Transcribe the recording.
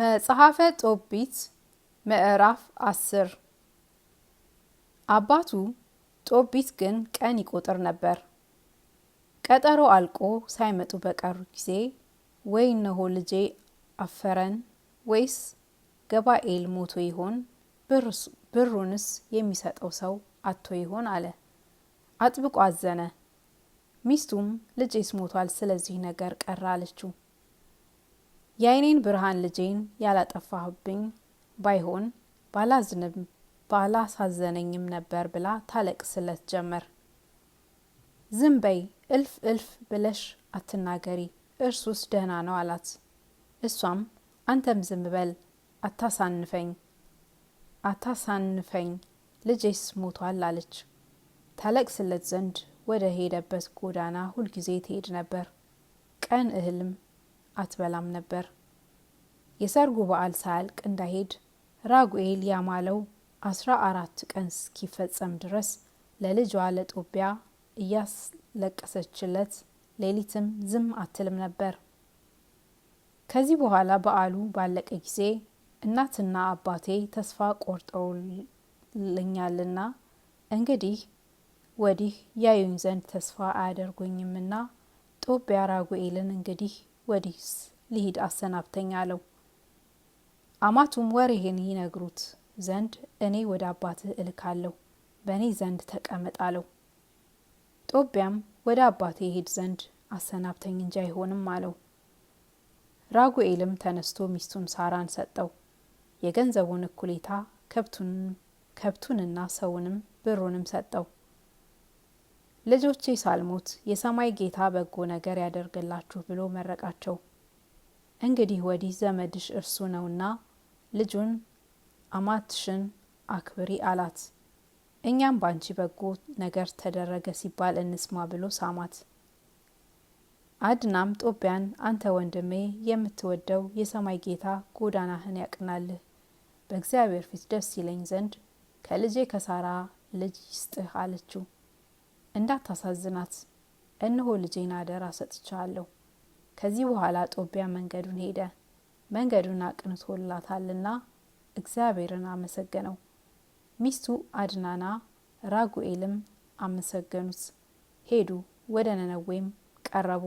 መጽሐፈ ጦቢት ምዕራፍ አስር አባቱ ጦቢት ግን ቀን ይቆጥር ነበር። ቀጠሮ አልቆ ሳይመጡ በቀሩ ጊዜ ወይ እነሆ ልጄ አፈረን፣ ወይስ ገባኤል ሞቶ ይሆን፣ ብሩንስ የሚሰጠው ሰው አቶ ይሆን አለ። አጥብቆ አዘነ። ሚስቱም ልጄስ ሞቷል፣ ስለዚህ ነገር ቀራ አለችው። የአይኔን ብርሃን ልጄን ያላጠፋህብኝ ባይሆን ባላሳዘነኝም ነበር ብላ ታለቅስለት ጀመር። ዝም በይ እልፍ እልፍ ብለሽ አትናገሪ፣ እርሱስ ደህና ነው አላት። እሷም አንተም ዝም በል አታሳንፈኝ አታሳንፈኝ ልጄስ ሞቷል አለች። ታለቅስለት ዘንድ ወደ ሄደበት ጎዳና ሁልጊዜ ትሄድ ነበር። ቀን እህልም አትበላም ነበር። የሰርጉ በዓል ሳያልቅ እንዳይሄድ ራጉኤል ያማለው አስራ አራት ቀን እስኪፈጸም ድረስ ለልጇ ለጦቢያ እያስለቀሰችለት ሌሊትም ዝም አትልም ነበር። ከዚህ በኋላ በዓሉ ባለቀ ጊዜ እናትና አባቴ ተስፋ ቆርጠውልኛልና እንግዲህ ወዲህ ያዩኝ ዘንድ ተስፋ አያደርጉኝምና ጦቢያ ራጉኤልን እንግዲህ ወዲህስ ልሂድ አሰናብተኝ አለው። አማቱም ወሬህን ይነግሩት ዘንድ እኔ ወደ አባትህ እልካለሁ በእኔ ዘንድ ተቀመጥ አለው። ጦቢያም ወደ አባቴ ይሄድ ዘንድ አሰናብተኝ እንጂ አይሆንም አለው። ራጉኤልም ተነስቶ ሚስቱን ሳራን ሰጠው፣ የገንዘቡን እኩሌታ ከብቱንና ሰውንም ብሩንም ሰጠው። ልጆቼ ሳልሞት የሰማይ ጌታ በጎ ነገር ያደርግላችሁ ብሎ መረቃቸው። እንግዲህ ወዲህ ዘመድሽ እርሱ ነውና ልጁን አማትሽን አክብሪ አላት። እኛም ባንቺ በጎ ነገር ተደረገ ሲባል እንስማ ብሎ ሳማት። አድናም ጦቢያን አንተ ወንድሜ የምትወደው የሰማይ ጌታ ጎዳናህን ያቅናልህ፣ በእግዚአብሔር ፊት ደስ ይለኝ ዘንድ ከልጄ ከሳራ ልጅ ይስጥህ አለችው። እንዳታሳዝናት። እነሆ ልጄን አደራ ሰጥቻለሁ። ከዚህ በኋላ ጦቢያ መንገዱን ሄደ። መንገዱን አቅንቶላታልና እግዚአብሔርን አመሰገነው። ሚስቱ አድናና ራጉኤልም አመሰገኑት። ሄዱ፣ ወደ ነነዌም ቀረቡ።